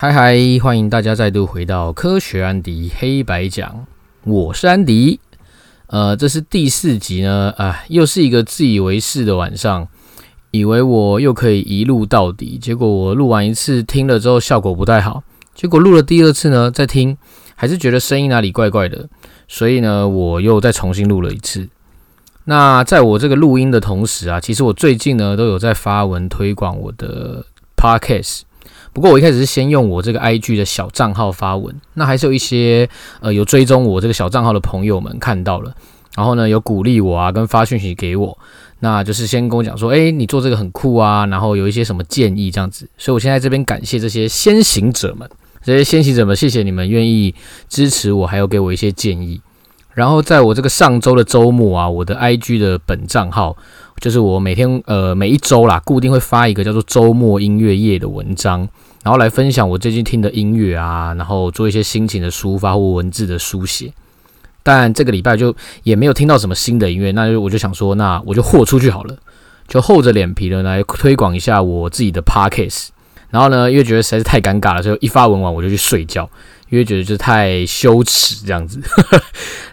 嗨嗨，歡迎大家再度回到科學安迪黑白講，我是安迪。呃，這是第四集呢，啊，又是一個自以為是的晚上，以為我又可以一錄到底，結果我錄完一次聽了之後效果不太好，結果錄了第二次呢再聽，還是覺得聲音哪裡怪怪的，所以呢我又再重新錄了一次。那在我這個錄音的同時啊，其實我最近呢都有在發文推廣我的 Podcast。不過我一開始是先用我這個 IG 的小賬號發文，那還是有一些呃有追蹤我這個小賬號的朋友們看到了，然後呢有鼓勵我啊，跟發訊息給我，那就是先跟我講說，誒、欸，你做這個很酷啊，然後有一些什麼建議這樣子，所以我現在這邊感謝這些先行者們，這些先行者們，謝謝你們願意支持我，還有給我一些建議。然後在我這個上週的週末啊，我的 IG 的本賬號就是我每天呃每一週啦，固定會發一個叫做週末音樂夜的文章。然後來分享我最近聽的音樂啊，然後做一些心情的抒發或文字的書寫。但這個禮拜就也沒有聽到什麼新的音樂，那就我就想說，那我就豁出去好了，就厚着臉皮的來推廣一下我自己的 podcast。然後呢，因為覺得實在是太尷尬了，所以一發文完我就去睡覺。因為覺得就太羞恥這樣子，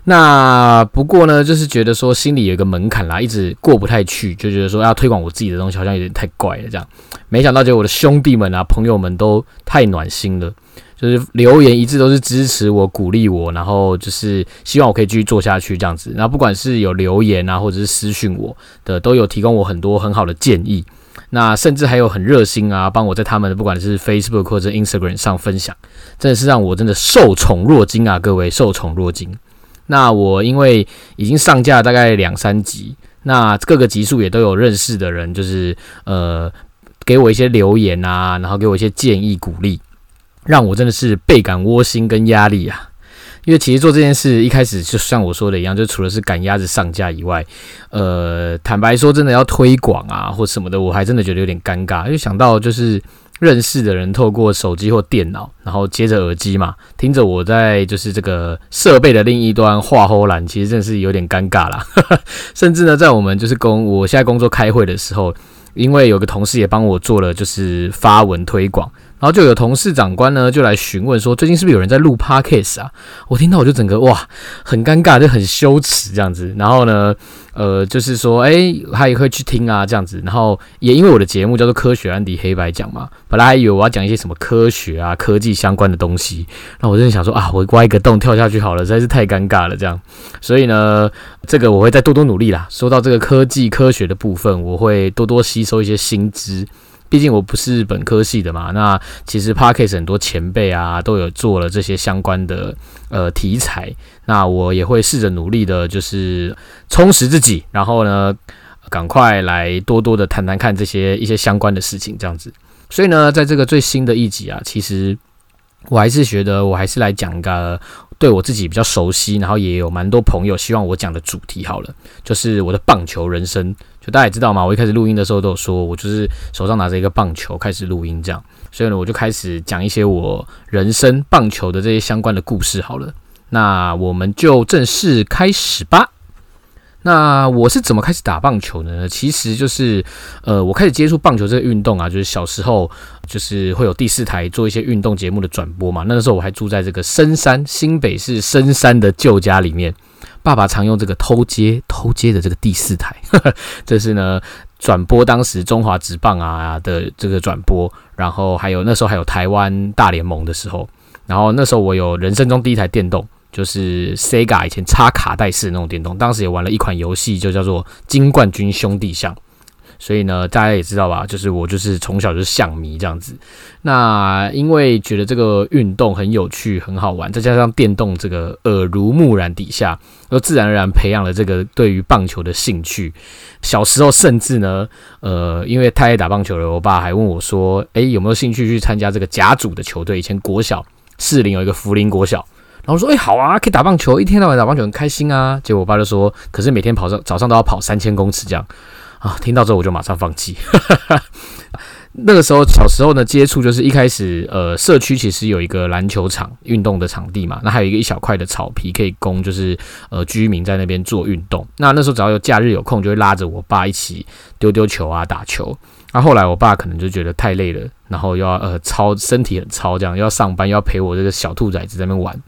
那不過呢，就是覺得說心裡有一個門檻啦，一直過不太去，就覺得說要推廣我自己的東西好像有點太怪了這樣。沒想到，就我的兄弟們啊、朋友們都太暖心了，就是留言一致都是支持我、鼓勵我，然後就是希望我可以繼續做下去這樣子。那不管是有留言啊，或者是私訊我的，都有提供我很多很好的建議。那甚至還有很熱心啊，幫我在他們的不管是 Facebook 或者 Instagram 上分享，真的是讓我真的受寵若驚啊，各位受寵若驚。那我因為已經上架大概兩三集，那各個集數也都有認識的人，就是呃給我一些留言吶啊，然後給我一些建議鼓勵，讓我真的是倍感窩心跟壓力啊。因為其實做這件事一開始就像我說的一樣，就除了是趕鴨子上架以外，呃，坦白說，真的要推廣啊或什麼的，我還真的覺得有點尷尬。因為想到就是認識的人透過手機或電腦，然後接着耳機嘛，聽着我在就是這個設備的另一端話唬爛，其實真的是有點尷尬啦。 甚至呢，在我們就是工我現在工作開會的時候，因為有個同事也幫我做了就是發文推廣。然後就有同事長官呢，就來詢問說，最近是不是有人在錄 podcast 啊？我聽到我就整個哇，很尷尬，就很羞恥這樣子。然後呢，呃，就是說，誒，他也會去聽啊這樣子。然後也因為我的節目叫做《科學安迪黑白講》嘛，本來以為我要講一些什麼科學啊、科技相關的東西。那我就想說啊，我挖一個洞跳下去好了，實在是太尷尬了這樣。所以呢，這個我會再多多努力啦。說到這個科技科學的部分，我會多多吸收一些新知。畢竟我不是本科系的嘛，那其實 Podcast 很多前輩啊都有做了這些相關的呃題材，那我也會試着努力的，就是充實自己，然後呢，趕快來多多的談談看這些一些相關的事情這樣子。所以呢，在這個最新的一集啊，其實我還是覺得我還是來講一個對我自己比較熟悉，然後也有蠻多朋友希望我講的主題好了，就是我的棒球人生。就大家也知道嘛，我一開始錄音的時候都有說，我就是手上拿着一個棒球開始錄音這樣，所以呢，我就開始講一些我人生棒球的這些相關的故事好了。那我們就正式開始吧。那我是怎麼開始打棒球的呢？其實就是，呃，我開始接觸棒球這個運動啊，就是小時候就是會有第四台做一些運動節目的轉播嘛。那個時候我還住在這個深山、新北市深山的舊家裡面。爸爸常用這個偷接偷接的這個第四台，呵呵，這是呢轉播當時中華職棒啊的這個轉播，然後還有那時候還有台灣大聯盟的時候，然後那時候我有人生中第一台電動，就是 Sega 以前插卡帶式的那種電動，當時也玩了一款遊戲，就叫做《金冠軍兄弟象》。所以呢，大家也知道吧，就是我就是從小就是象迷這樣子。那因為覺得這個運動很有趣、很好玩，再加上電動這個耳濡、呃、目染底下，又自然而然培養了這個對於棒球的興趣。小時候甚至呢，呃，因為太愛打棒球了，我爸還問我說：“誒、欸，有沒有興趣去參加這個甲組的球隊？”以前國小士林有一個福林國小，然後我說：“誒、欸，好啊，可以打棒球，一天到晚打棒球很開心啊。”結果我爸就說：“可是每天跑上早上都要跑三千公尺這樣。”啊，聽到之後我就馬上放棄。 那個時候小時候呢，接觸就是一開始，呃，社區其實有一個籃球場，運動的場地嘛，那還有一個一小塊的草皮，可以供就是呃居民在那邊做運動。那那時候只要有假日有空，就會拉着我爸一起丟丟球啊，打球。那後來我爸可能就覺得太累了，然後又要呃操身體很操這樣，要上班，要陪我這個小兔崽子在那邊玩。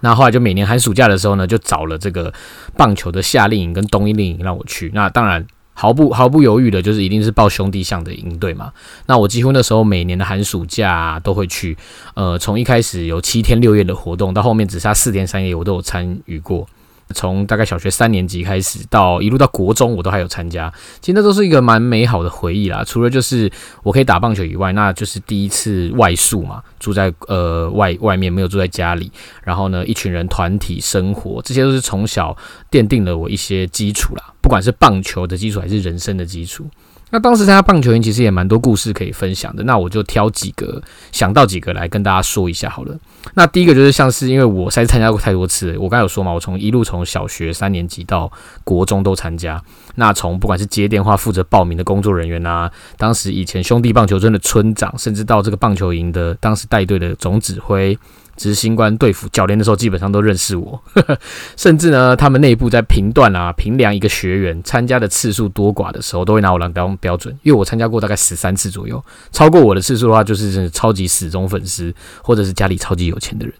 那後來就每年寒暑假的時候呢，就找了這個棒球的夏令營跟冬令營讓我去。那當然。毫不毫不猶豫的，就是一定是報兄弟象的營隊嘛。那我幾乎那時候每年的寒暑假啊，都會去，呃，從一開始有七天六夜的活動，到後面只差四天三夜，我都有參與過。從大概小學三年級開始，到一路到國中，我都還有參加。其實那都是一個蠻美好的回憶啦。除了就是我可以打棒球以外，那就是第一次外宿嘛，住在呃外外面，沒有住在家裡。然後呢，一群人團體生活，這些都是從小奠定了我一些基礎啦，不管是棒球的基礎，還是人生的基礎。那當時參加棒球營其實也蠻多故事可以分享的，那我就挑幾個想到幾個來跟大家說一下好了。那第一個就是像是因為我才參加過太多次了，我剛才有說嘛，我從一路從小學三年級到國中都參加。那從不管是接電話負責報名的工作人員啊，當時以前兄弟棒球村的村長，甚至到這個棒球營的當時帶隊的總指揮，執行官隊輔教練的時候，基本上都認識我， 甚至呢，他們內部在評斷啊、評量一個學員參加的次數多寡的時候，都會拿我當標準，因為我參加過大概十三次左右，超過我的次數的話，就是超級死忠粉絲，或者是家裡超級有錢的人。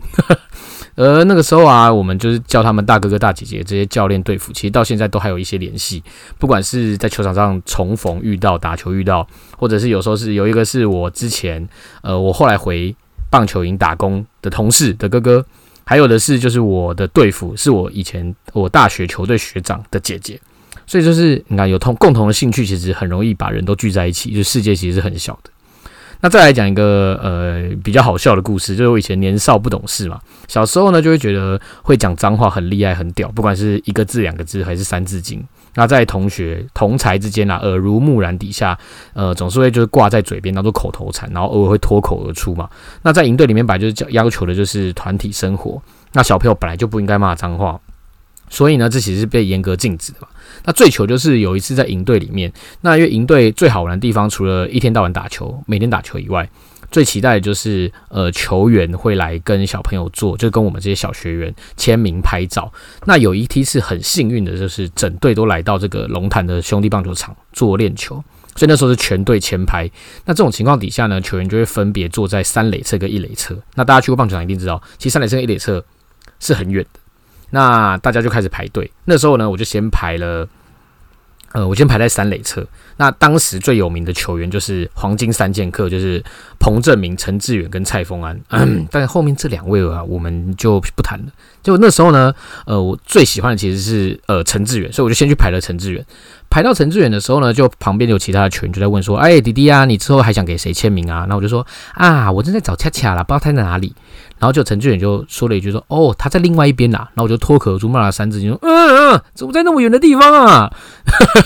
而、 呃、那個時候啊，我們就是叫他們大哥哥、大姐姐這些教練隊輔，其實到現在都還有一些聯繫，不管是在球場上重逢遇到打球遇到，或者是有時候是有一個是我之前，呃，我後來回。棒球營打工的同事的哥哥，還有的是就是我的隊服是我以前我大學球隊學長的姐姐，所以就是你看有同共同的興趣，其實很容易把人都聚在一起，就世界其實是很小的。那再來講一個呃比較好笑的故事，就是我以前年少不懂事嘛，小時候呢就會覺得會講髒話很厲害很屌，不管是一個字兩個字還是三字經，那在同學同儕之間啦，耳、呃、濡目染底下，呃總是會就是掛在嘴邊當做口頭禪，然後偶爾會脫口而出嘛。那在營隊裡面本來就是要要求的就是團體生活，那小朋友本來就不應該罵髒話，所以呢這其實是被嚴格禁止的嘛。那最球就是有一次在營隊裡面，那因為營隊最好玩的地方，除了一天到晚打球，每天打球以外，最期待的就是呃球員會來跟小朋友做，就跟我們這些小學員簽名拍照。那有一梯是很幸運的，就是整隊都來到這個龍潭的兄弟棒球場做練球，所以那時候是全隊前排。那這種情況底下呢，球員就會分別坐在三壘側跟一壘側。那大家去過棒球場一定知道，其實三壘側跟一壘側是很遠的。那大家就開始排隊。那時候呢，我就先排了，呃，我先排在三壘側。那當時最有名的球員就是黃金三劍客，就是彭政閔、陳致遠跟蔡豐安。嗯，但是後面這兩位啊，我們就不談了。就那時候呢，呃，我最喜歡的其實是呃陳致遠，所以我就先去排了陳致遠。排到陳志遠的時候呢，就旁邊有其他的群就在問說：“哎、欸，弟弟啊，你之後還想給誰簽名啊？”那我就說：“啊，我正在找恰恰啦，不知道他在哪裡。”然後就陳志遠就說了一句說：“說哦，他在另外一邊啦。”然後我就脫口而出罵了三字經，就說：“嗯、啊、嗯、啊，怎麼在那麼遠的地方啊？”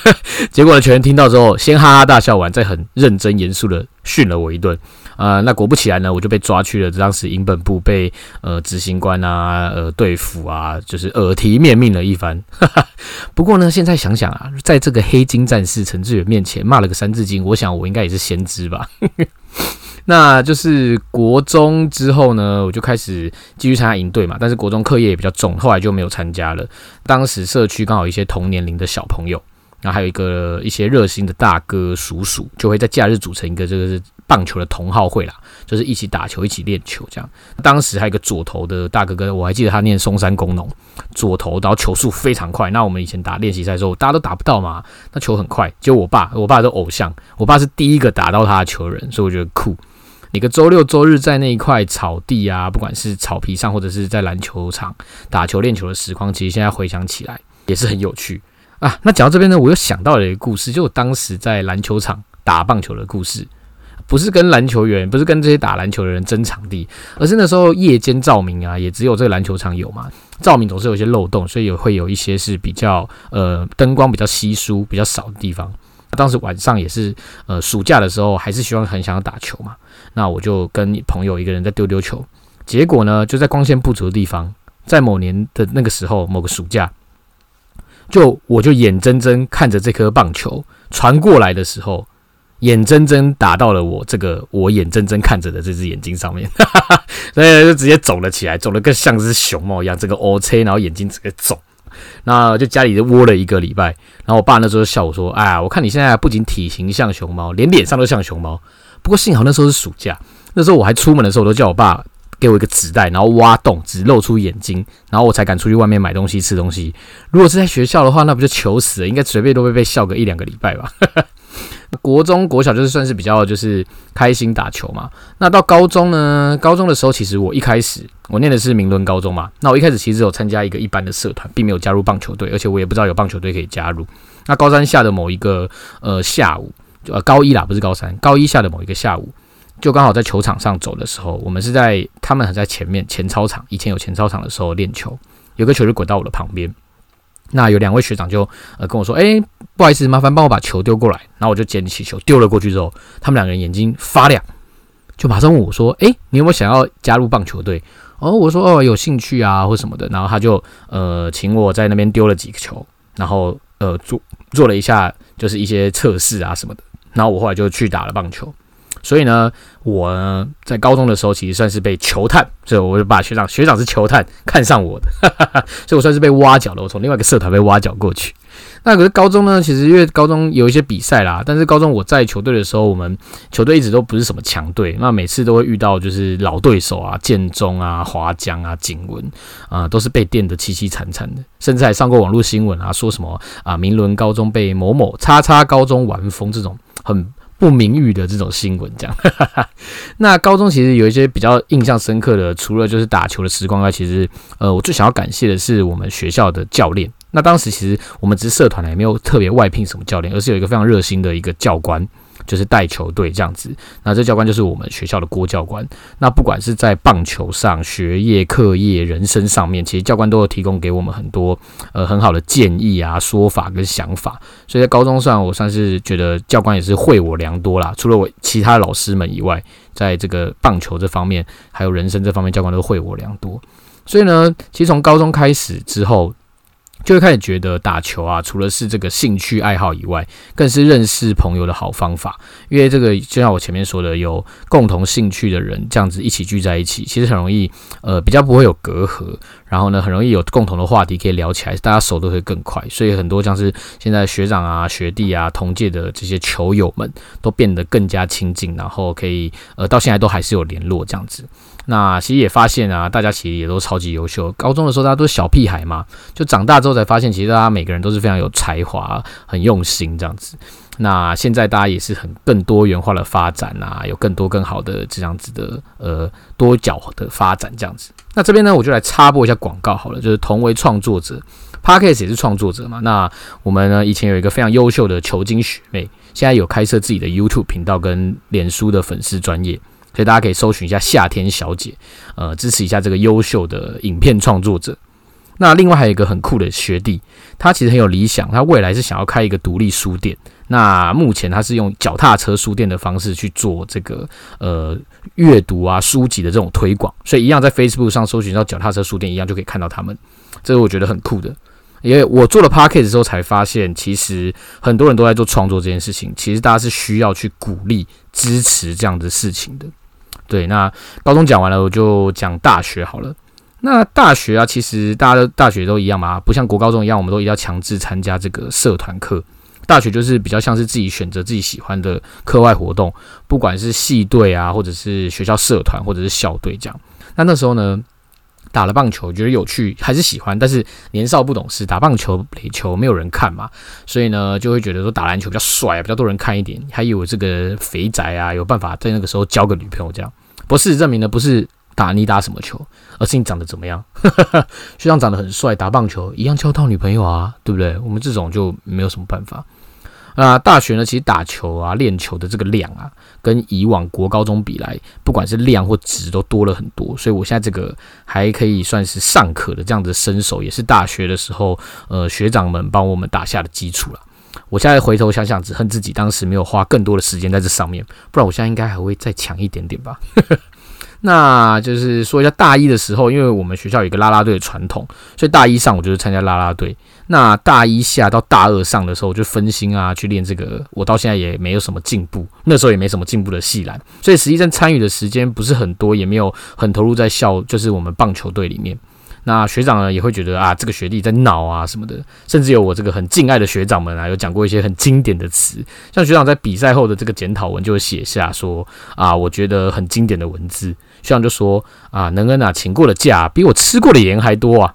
結果全聽到之後，先哈哈大笑完，再很認真嚴肅的訓了我一頓。啊、呃，那果不其然呢，我就被抓去了。當時營本部被呃執行官啊，呃隊輔啊，就是耳提面命了一番。哈哈，不過呢，現在想想啊，在這個黑金戰士陳致遠面前罵了個三字經，我想我應該也是先知吧。 那就是國中之後呢，我就開始繼續參加營隊嘛。但是國中課業也比較重，後來就沒有參加了。當時社區剛好一些同年齡的小朋友，然後還有一個一些熱心的大哥叔叔，就會在假日組成一個這、就、個是。棒球的同好會啦，就是一起打球、一起練球這樣。當時還有一個左投的大哥哥，我還記得他念松山工農，左投，然後球速非常快。那我們以前打練習賽的時候，大家都打不到嘛，那球很快。就我爸，我爸是偶像，我爸是第一個打到他的球的人，所以我覺得酷。每個週六週日在那一塊草地啊，不管是草皮上或者是在籃球場打球練球的時光，其實現在回想起來也是很有趣啊。那講到這邊呢，我又想到了一個故事，就我當時在籃球場打棒球的故事。不是跟籃球員，不是跟這些打籃球的人爭場地，而是那時候夜間照明啊，也只有這個籃球場有嘛。照明總是有一些漏洞，所以也會有一些是比較呃燈光比較稀疏、比較少的地方。當時晚上也是呃暑假的時候，還是希望很想要打球嘛。那我就跟朋友一個人在丟丟球，結果呢，就在光線不足的地方，在某年的那個時候，某個暑假，就我就眼睜睜看着這顆棒球傳過來的時候。眼睜睜打到了我這個我眼睜睜看着的這隻眼睛上面， 所以就直接腫了起來，腫得更像隻熊貓一樣。這個 OC，然後眼睛整個腫，那就家裡就窩了一個禮拜。然後我爸那時候就笑我說：“哎呀，我看你現在不僅體型像熊貓，連臉上都像熊貓。”不過幸好那時候是暑假，那時候我還出門的時候，我都叫我爸給我一個紙袋，然後挖洞只露出眼睛，然後我才敢出去外面買東西吃東西。如果是在學校的話，那不就糗死了？應該隨便都會被，被笑個一兩個禮拜吧。 國中、國小就是算是比較就是開心打球嘛。那到高中呢？高中的時候，其實我一開始我念的是明倫高中嘛。那我一開始其實有參加一個一般的社團，並沒有加入棒球隊，而且我也不知道有棒球隊可以加入。那高三下的某一個呃下午，就呃高一啦，不是高三，高一下的某一個下午，就剛好在球場上走的時候，我們是在他們很在前面前操場，以前有前操場的時候練球，有個球就滾到我的旁邊。那有兩位學長就呃跟我說：“哎、欸。”不好意思，麻煩幫我把球丟過來。然後我就撿起球丟了過去之後，他們兩個人眼睛發亮，就馬上問我說：“哎、欸，你有沒有想要加入棒球隊？”哦，我說：“哦，有興趣啊，或什麼的。”然後他就呃，請我在那邊丟了幾個球，然後呃做做了一下，就是一些測試啊什麼的。然後我後來就去打了棒球。所以呢，我呢在高中的時候其實算是被球探，所以我就把學長學長是球探看上我的， 所以我算是被挖角了。我從另外一個社團被挖角過去。那可是高中呢，其實因為高中有一些比賽啦，但是高中我在球隊的時候，我們球隊一直都不是什麼強隊。那每次都會遇到就是老對手啊，建中啊、華江啊、景文啊、呃，都是被電得淒淒慘慘的，甚至還上過網絡新聞啊，說什麼啊，明倫高中被某某叉叉高中完封這種很。不名譽的這種新聞，這樣。 那高中其實有一些比較印象深刻的，除了就是打球的時光外，其實呃，我最想要感謝的是我們學校的教練。那當時其實我們只是社團，也沒有特別外聘什麼教練，而是有一個非常熱心的一個教官。就是帶球隊這樣子，那這教官就是我們學校的郭教官。那不管是在棒球上、學業課業、人生上面，其實教官都會提供給我們很多呃很好的建議啊、說法跟想法。所以在高中上，我算是覺得教官也是惠我良多啦。除了我其他老師們以外，在這個棒球這方面，還有人生這方面，教官都惠我良多。所以呢，其實從高中開始之後。就會開始覺得打球啊，除了是這個興趣愛好以外，更是認識朋友的好方法。因為這個就像我前面說的，有共同興趣的人，這樣子一起聚在一起，其實很容易，呃，比較不會有隔閡。然後呢，很容易有共同的話題可以聊起來，大家熟都會更快。所以很多像是現在學長啊、學弟啊、同屆的這些球友們，都變得更加親近，然後可以呃，到現在都還是有聯絡這樣子。那其實也發現啊，大家其實也都超級優秀。高中的時候大家都是小屁孩嘛，就長大之後才發現，其實大家每個人都是非常有才華、很用心這樣子。那現在大家也是很更多元化的發展啊，有更多更好的這樣子的呃多角的發展這樣子。那這邊呢，我就來插播一下廣告好了，就是同為創作者 Podcast 也是創作者嘛。那我們呢以前有一個非常優秀的球經學妹，現在有開設自己的 YouTube 頻道跟臉書的粉絲專頁。所以大家可以搜尋一下《夏天小姐》，呃，支持一下這個優秀的影片創作者。那另外還有一個很酷的學弟，他其實很有理想，他未來是想要開一個獨立書店。那目前他是用腳踏車書店的方式去做這個呃閱讀啊書籍的這種推廣，所以一樣在 Facebook 上搜尋到腳踏車書店，一樣就可以看到他們。這個我覺得很酷的，因為我做了 Podcast 之後才發現，其實很多人都在做創作這件事情，其實大家是需要去鼓勵支持這樣的事情的。對，那高中講完了，我就講大學好了。那大學啊，其實大家都大學都一樣嘛，不像國高中一樣，我們都一定要強制參加這個社團課。大學就是比較像是自己選擇自己喜歡的課外活動，不管是系隊啊，或者是學校社團，或者是校隊這樣。那那時候呢，打了棒球覺得有趣，還是喜歡，但是年少不懂事，打棒球壘球沒有人看嘛，所以呢就會覺得說打籃球比較帥啊，比較多人看一點，還有這個肥宅啊，有辦法在那個時候交個女朋友這樣。不是，是證明的不是打你打什麼球，而是你長得怎麼樣。就 像長，長得很帥打棒球一樣，交到女朋友啊，對不對？我們這種就沒有什麼辦法。那大學呢，其實打球啊，練球的這個量啊，跟以往國高中比來，不管是量或質都多了很多。所以我現在這個還可以算是尚可的這樣子身手，也是大學的時候，呃，學長們幫我們打下的基礎了。我現在回頭想想，只恨自己當時沒有花更多的時間在這上面，不然我現在應該還會再強一點點吧。 那就是說一下大一的時候，因為我們學校有一個啦啦隊的傳統，所以大一上我就是參加啦啦隊。那大一下到大二上的時候我就分心啊，去練這個，我到現在也沒有什麼進步。那時候也沒什麼進步的戲欄，所以實際上參與的時間不是很多，也沒有很投入在校，就是我們棒球隊裡面。那學長呢也會覺得啊，這個學弟在鬧啊什麼的，甚至有我這個很敬愛的學長們啊，有講過一些很經典的詞，像學長在比賽後的這個檢討文就會寫下說啊，我覺得很經典的文字。學長就說啊，能恩啊，請過的假比我吃過的鹽還多啊。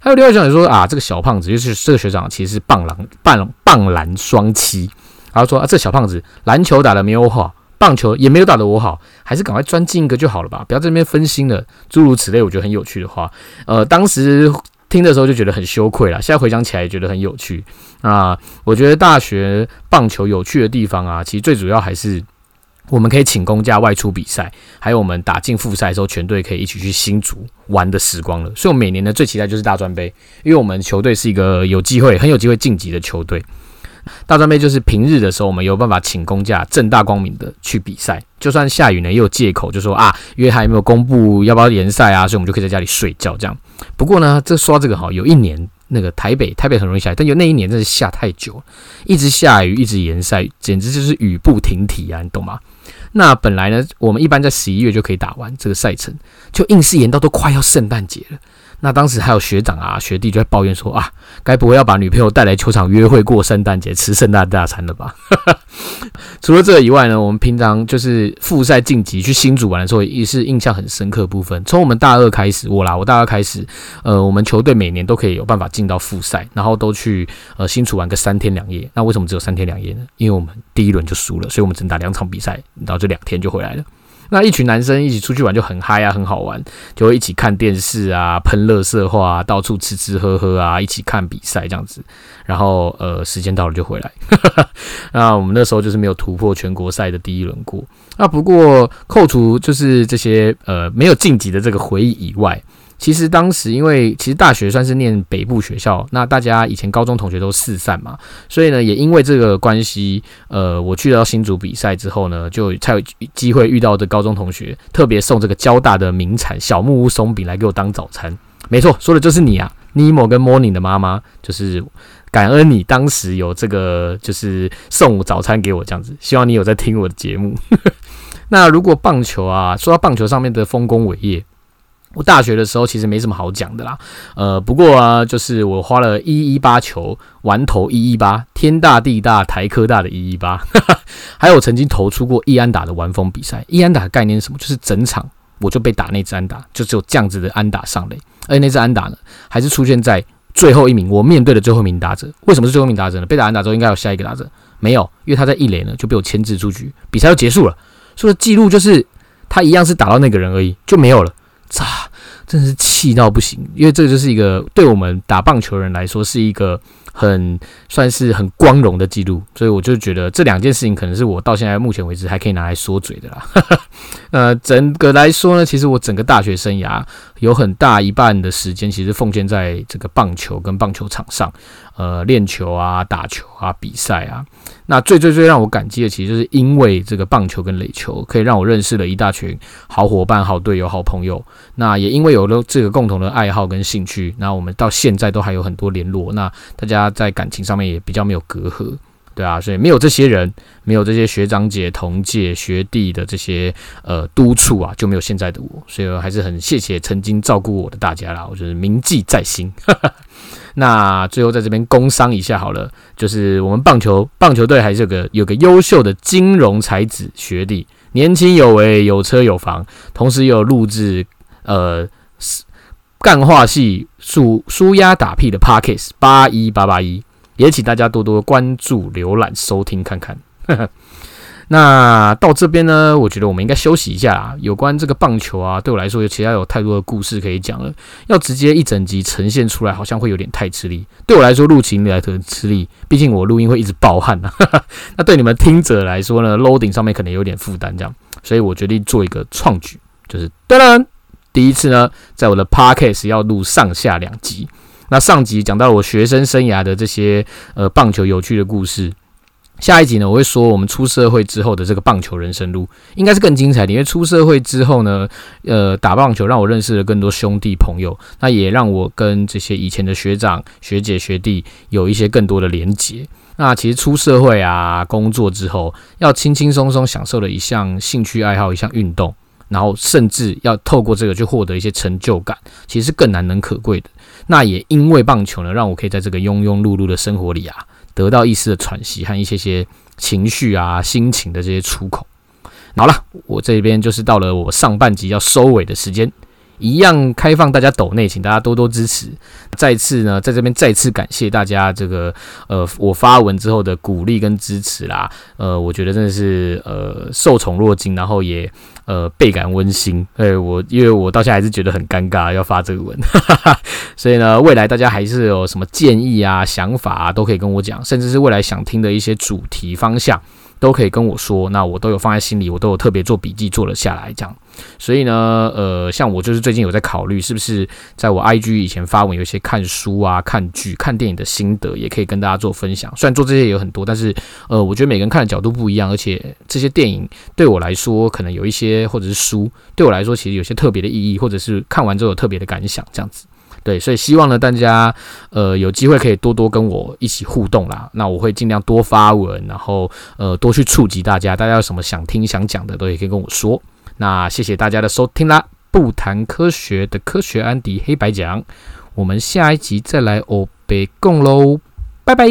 還有另外一種人說啊，這個小胖子就是這個學長其實是棒籃棒棒籃雙棲，然後說啊，這小胖子籃球打得沒我好。棒球也沒有打得我好，還是趕快鑽進一個就好了吧，不要在這邊分心了。諸如此類，我覺得很有趣的話，呃，當時聽的時候就覺得很羞愧了，現在回想起來也覺得很有趣。啊、呃。我覺得大學棒球有趣的地方啊，其實最主要還是我們可以請公假外出比賽，還有我們打進複賽的時候，全隊可以一起去新竹玩的時光了。所以我每年呢，最期待就是大專盃，因為我們球隊是一個有機會，很有機會晉級的球隊。大專杯就是平日的時候，我們有辦法請公假，正大光明的去比賽。就算下雨呢，也有借口，就說啊，因為還沒有公布要不要延賽啊，所以我們就可以在家裡睡覺這樣。不過呢，這刷這個哈，有一年那個台北，台北很容易下雨，但有那一年真是下太久，一直下雨，一直延賽，簡直就是雨不停蹄啊，你懂嗎？那本來呢，我們一般在十一月就可以打完這個賽程，就硬是延到都快要聖誕節了。那當時還有學長啊學弟就在抱怨說啊，該不會要把女朋友帶來球場約會過聖誕節吃聖誕大餐了吧？ 除了這以外呢，我們平常就是複賽晉級去新竹玩的時候也是印象很深刻的部分。從我們大二開始，我啦，我大二開始，呃，我們球隊每年都可以有辦法進到複賽，然後都去呃新竹玩個三天兩夜。那為什麼只有三天兩夜呢？因為我們第一輪就輸了，所以我們只能打兩場比賽，然後就兩天就回來了。那一群男生一起出去玩就很嗨啊，很好玩，就會一起看電視啊，噴垃圾話啊，到處吃吃喝喝啊，一起看比賽這樣子。然後呃，時間到了就回來。 那我們那時候就是沒有突破全國賽的第一輪過。那不過扣除就是這些呃沒有晉級的這個回憶以外，其實當時因為其實大學算是念北部學校，那大家以前高中同學都四散嘛，所以呢也因為這個關係，呃，我去到新竹比賽之後呢，就才有機會遇到的高中同學，特別送這個交大的名產小木屋鬆餅來給我當早餐。沒錯，說的就是你啊，尼莫跟 Morning 的媽媽，就是感恩你當時有這個就是送我早餐給我這樣子。希望你有在聽我的節目。 那如果棒球啊，說到棒球上面的豐功偉業。我大學的時候其實沒什麼好講的啦，呃，不過啊，就是我花了一一八球完投一一八，天大地大台科大的一一八，哈哈，還有我曾經投出過一安打的完封比賽。一安打的概念是什麼？就是整場我就被打那隻安打，就只有這樣子的安打上壘。而那隻安打呢，還是出現在最後一名我面對的最後一名打者。為什麼是最後一名打者呢？被打安打之後應該有下一個打者，沒有，因為他在一壘呢就被我牽制出局，比賽就結束了。所以記錄就是他一樣是打到那個人而已，就沒有了。啊！真是氣到不行，因為這就是一個對我們打棒球人來說是一個。很算是很光榮的記錄，所以我就覺得這兩件事情，可能是我到現在目前為止還可以拿來說嘴的啦。 呃，整個來說呢，其實我整個大學生涯有很大一半的時間，其實奉獻在這個棒球跟棒球場上，呃，練球啊、打球啊、比賽啊。那最最最讓我感激的，其實就是因為這個棒球跟壘球，可以讓我認識了一大群好夥伴、好隊友、好朋友。那也因為有了這個共同的愛好跟興趣，那我們到現在都還有很多聯絡。那大家。他在感情上面也比較沒有隔閡，對啊，所以沒有這些人，沒有這些學長姐、同屆學弟的這些呃督促啊，就沒有現在的我。所以還是很謝謝曾經照顧我的大家啦，我就是銘記在心呵呵。那最後在這邊工商一下好了，就是我們棒球棒球隊還是有個有個優秀的金融才子學弟，年輕有為，有車有房，同時有錄制呃幹話系。數舒壓打屁的 Podcast 八一八八一，也請大家多多關注、瀏覽、收聽看看。 那到這邊呢，我覺得我們應該休息一下啊。有關這個棒球啊，對我來說有其他有太多的故事可以講了。要直接一整集呈現出來，好像會有點太吃力。對我來說，錄起來可能吃力，畢竟我錄音會一直爆汗啊。 那對你們聽者來說呢，loading 上面可能有點負擔這樣，所以我決定做一個創舉，就是噔噔！第一次呢，在我的 podcast 要錄上下兩集。那上集講到我學生生涯的這些呃棒球有趣的故事，下一集呢，我會說我們出社會之後的這個棒球人生路應該是更精彩的。因為出社會之後呢，呃，打棒球讓我認識了更多兄弟朋友，那也讓我跟這些以前的學長、學姐、學弟有一些更多的連結。那其實出社會啊，工作之後要輕輕鬆鬆享受的一項興趣愛好，一項運動。然後甚至要透過這個去獲得一些成就感，其實是更難能可貴的。那也因為棒球呢，讓我可以在這個庸庸碌碌的生活裡啊，得到一絲的喘息和一些些情緒啊、心情的這些出口。好了，我這邊就是到了我上半集要收尾的時間。一樣開放大家抖內，請大家多多支持。再次呢，在這邊再次感謝大家這個呃，我發文之後的鼓勵跟支持啦。呃，我覺得真的是呃受寵若驚，然後也呃倍感溫馨。哎，我因為我到現在還是覺得很尷尬要發這個文， 所以呢，未來大家還是有什麼建議啊、想法啊，都可以跟我講，甚至是未來想聽的一些主題方向。都可以跟我說，那我都有放在心裡，我都有特別做筆記做了下來這樣。所以呢，呃，像我就是最近有在考慮，是不是在我 IG 以前發文有一些看書啊、看劇、看電影的心得，也可以跟大家做分享。雖然做這些有很多，但是呃，我覺得每個人看的角度不一樣，而且這些電影對我來說可能有一些，或者是書，對我來說其實有些特別的意義，或者是看完之後有特別的感想這樣子。對，所以希望呢，大家呃有機會可以多多跟我一起互動啦。那我會盡量多發文，然後呃多去觸及大家。大家有什麼想聽、想講的，都也可以跟我說。那謝謝大家的收聽啦！不談科學的科學，安迪黑白講，我們下一集再來歐北共嘍，拜拜。